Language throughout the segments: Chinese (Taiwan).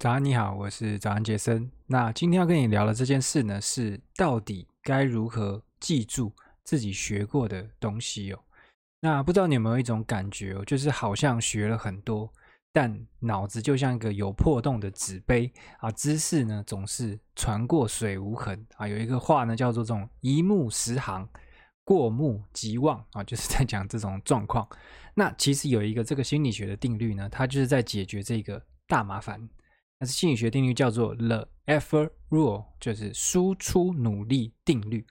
早安，你好，我是早安傑森。那今天要跟你聊的這件事呢，是到底該如何記住自己學過的東西哦。那不知道你有沒有一種感覺哦，就是好像學了很多，但腦子就像一個有破洞的紙杯啊，知識呢總是船過水無痕啊。有一個話呢叫做這種一目十行、過目即忘啊，就是在講這種狀況。那其實有一個這個心理學的定律呢，它就是在解決這個大麻煩。那是心理學定律，叫做 The Effort Rule，就是輸出努力定律。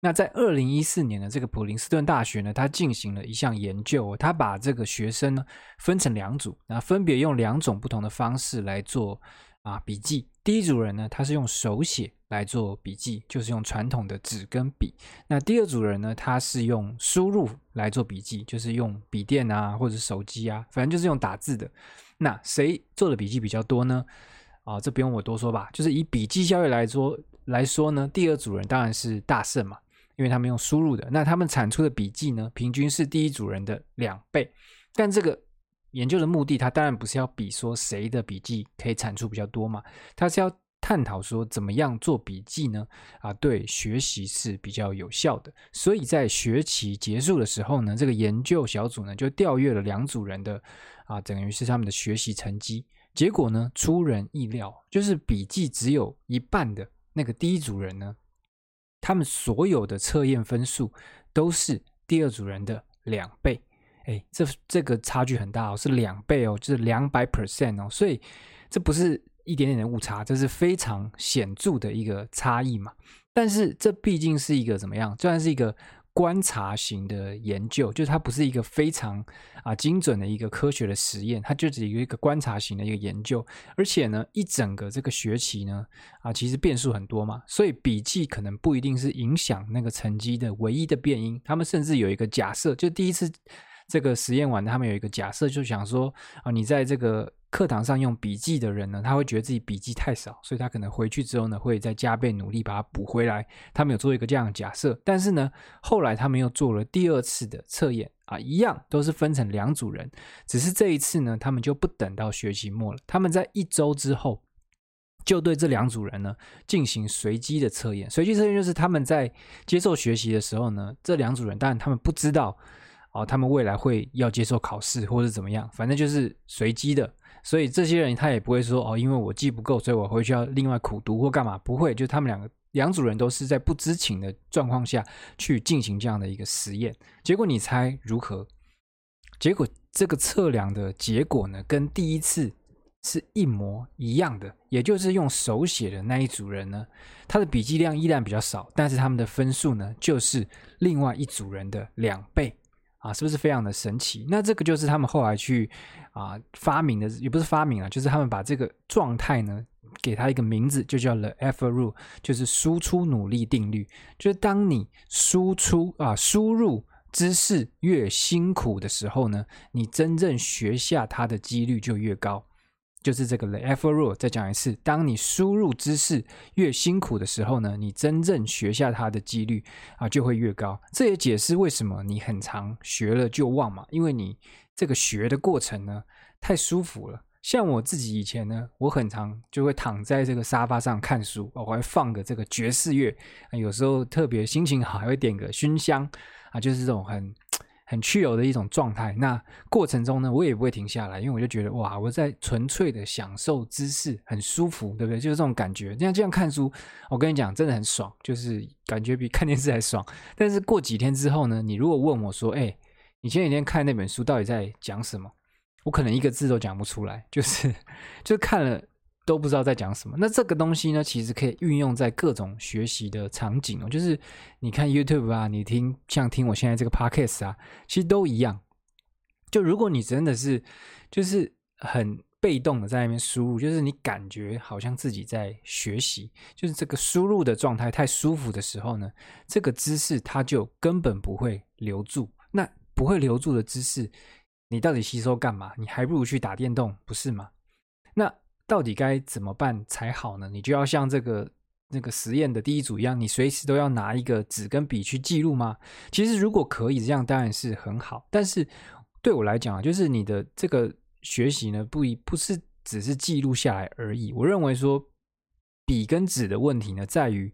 那在二零一四年呢，這個普林斯頓大學呢，他進行了一項研究，他把這個學生呢分成兩組，然後分別用兩種不同的方式來做啊筆記。第一組人呢，他是用手寫來做筆記，就是用傳統的紙跟筆。那第二組人呢，他是用輸入來做筆記，就是用筆電啊或者手機啊，反正就是用打字的。那誰做的筆記比較多呢？啊，這不用我多說吧，就是以筆記效率來說來說呢，第二組人當然是大勝嘛，因為他們用輸入的，那他們產出的筆記呢，平均是第一組人的兩倍。但這個研究的目的，它當然不是要比說誰的筆記可以產出比較多嘛，它是要探討說怎麼樣做筆記呢？啊，對，學習是比較有效的。所以在學期結束的時候呢，這個研究小組呢就調閱了兩組人的啊，等於是他們的學習成績。結果呢出人意料，就是筆記只有一半的那個第一組人呢，他們所有的測驗分數都是第二組人的兩倍。哎，這這個差距很大哦，是兩倍哦，就是兩百 percent 哦，所以這不是一點點的誤差，這是非常顯著的一個差異嘛。但是這畢竟是一個怎麼樣？雖然是一個觀察型的研究，就是它不是一個非常啊，精準的一個科學的實驗，它就只有一個觀察型的一個研究。而且呢，一整個這個學期呢，啊，其實變數很多嘛，所以筆記可能不一定是影響那個成績的唯一的變因。他們甚至有一個假設，就第一次。這個實驗完，他們有一個假設，就想說啊，你在這個課堂上用筆記的人呢，他會覺得自己筆記太少，所以他可能回去之後呢，會再加倍努力把它補回來。他們有做一個這樣的假設，但是呢，後來他們又做了第二次的測驗啊，一樣都是分成兩組人，只是這一次呢，他們就不等到學期末了，他們在一周之後就對這兩組人呢進行隨機的測驗。隨機測驗就是他們在接受學習的時候呢，這兩組人當然他們不知道。哦，他們未來會要接受考試，或者怎麼樣，反正就是隨機的。所以這些人他也不會說哦，因為我記不夠，所以我回去要另外苦讀或幹嘛？不會，就他們兩個，兩組人都是在不知情的狀況下去進行這樣的一個實驗。結果你猜如何？結果這個測量的結果呢，跟第一次是一模一樣的。也就是用手寫的那一組人呢，他的筆記量依然比較少，但是他們的分數呢，就是另外一組人的兩倍。啊，是不是非常的神奇？那這個就是他們後來去啊發明的，也不是發明了，就是他們把這個狀態呢，給他一個名字，就叫了 Effort Rule，就是輸出努力定律。就是當你輸出啊輸入知識越辛苦的時候呢，你真正學下它的幾率就越高。就是這個 effort rule，再講一次，當你輸入知識越辛苦的時候呢，你真正學下它的幾率啊就會越高。這也解釋為什麼你很常學了就忘嘛，因為你這個學的過程呢太舒服了。像我自己以前呢，我很常就會躺在這個沙發上看書，我會放個這個爵士樂，啊，有時候特別心情好還會點個熏香啊，就是這種很。很 chill 的一種狀態。那過程中呢，我也不會停下來，因為我就覺得哇，我在純粹的享受知識，很舒服，對不對？就是這種感覺。那這樣看書，我跟你講，真的很爽，就是感覺比看電視還爽。但是過幾天之後呢，你如果問我說，哎，你前幾天看那本書到底在講什麼？我可能一個字都講不出來，就是就看了。都不知道在講什麼。那這個東西呢，其實可以運用在各種學習的場景哦。就是你看 YouTube 啊，你聽像聽我現在這個 Podcast 啊，其實都一樣。就如果你真的是就是很被動的在那邊輸入，就是你感覺好像自己在學習，就是這個輸入的狀態太舒服的時候呢，這個知識它就根本不會留住。那不會留住的知識，你到底吸收幹嘛？你還不如去打電動，不是嗎？那。到底該怎麼辦才好呢？你就要像這個那個實驗的第一組一樣，你隨時都要拿一個紙跟筆去記錄嗎？其實如果可以這樣，當然是很好。但是對我來講啊，就是你的這個學習呢，不一不是只是記錄下來而已。我認為說。筆跟紙的問題呢，在於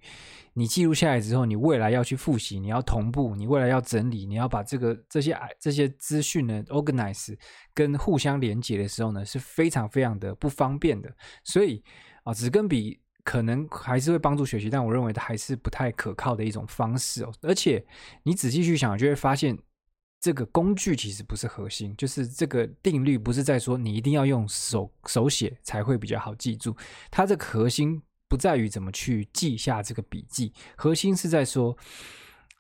你記錄下來之後，你未來要去復習，你要同步，你未來要整理，你要把這個這些這些資訊呢 organize 跟互相連接的時候呢，是非常非常的不方便的。所以啊，紙、哦、跟筆可能還是會幫助學習，但我認為它還是不太可靠的一種方式哦。而且你仔細去想，就會發現這個工具其實不是核心，就是這個定律不是在說你一定要用手手寫才會比較好記住，它這核心，不在於怎麼去記下這個筆記，核心是在說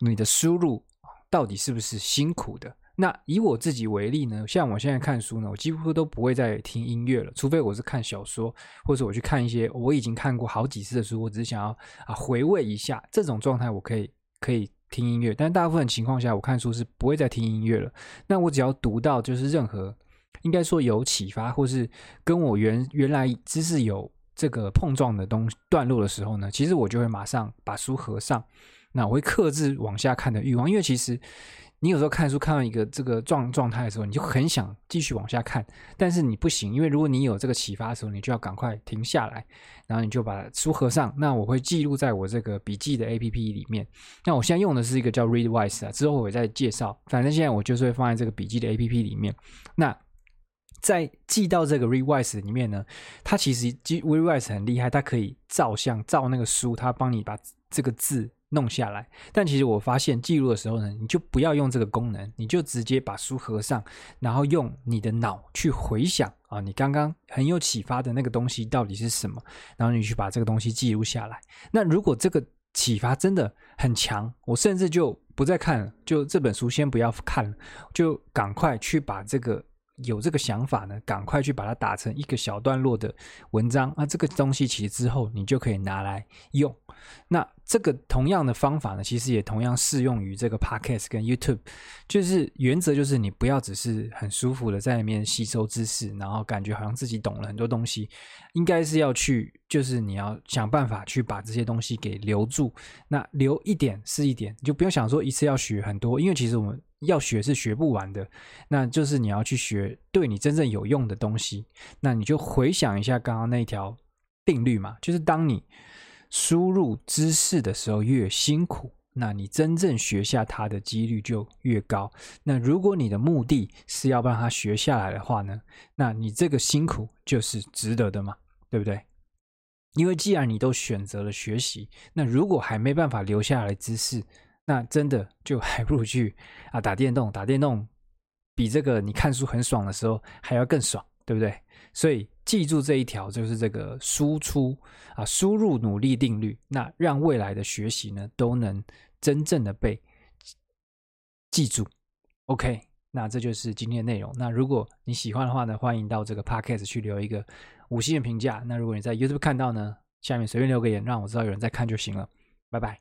你的輸入到底是不是辛苦的。那以我自己為例呢，像我現在看書呢，我幾乎都不會再聽音樂了，除非我是看小說，或者我去看一些我已經看過好幾次的書，我只是想要啊回味一下。這種狀態，我可以可以聽音樂，但大部分情況下我看書是不會再聽音樂了。那我只要讀到就是任何應該說有啟發，或是跟我原原來知識有。這個碰撞的東西段落的時候呢，其實我就會馬上把書合上。那我會克制往下看的欲望，因為其實你有時候看書看到一個這個狀狀態的時候，你就很想繼續往下看，但是你不行，因為如果你有這個啟發的時候，你就要趕快停下來，然後你就把書合上。那我會記錄在我這個筆記的 APP 裡面。那我現在用的是一個叫 Readwise 啊，之後我會再介紹。反正現在我就是會放在這個筆記的 APP 裡面。那在記到這個 revise 裡面呢，它其實 revise 很厲害，它可以照相照那個書，它幫你把這個字弄下來。但其實我發現記錄的時候呢，你就不要用這個功能，你就直接把書合上，然後用你的腦去回想啊，你剛剛很有啟發的那個東西到底是什麼，然後你去把這個東西記錄下來。那如果這個啟發真的很強，我甚至就不再看了，就這本書先不要看，就趕快去把這個。有這個想法呢，趕快去把它打成一個小段落的文章啊！那這個東西其實之後你就可以拿來用。那這個同樣的方法呢，其實也同樣適用於這個 podcast 跟 YouTube，就是原則就是你不要只是很舒服的在裡面吸收知識，然後感覺好像自己懂了很多東西，應該是要去，就是你要想辦法去把這些東西給留住。那留一點是一點，你就不用想說一次要學很多，因為其實我們要學是學不完的。那就是你要去學對你真正有用的東西。那你就回想一下剛剛那一條定律嘛，就是當你。輸入知識的時候越辛苦，那你真正記下它的幾率就越高。那如果你的目的是要把它記下來的話呢，那你這個辛苦就是值得的嘛，對不對？因為既然你都選擇了學習，那如果還沒辦法留下來知識，那真的就還不如去啊打電動，打電動比這個你看書很爽的時候還要更爽。對不對？所以記住這一條，就是這個輸出啊，輸入努力定律。那讓未來的學習呢，都能真正的被記住。OK，那這就是今天的內容。那如果你喜歡的話呢，歡迎到這個 podcast 去留一個五星的評價。那如果你在 YouTube 看到呢，下面隨便留個言，讓我知道有人在看就行了。拜拜。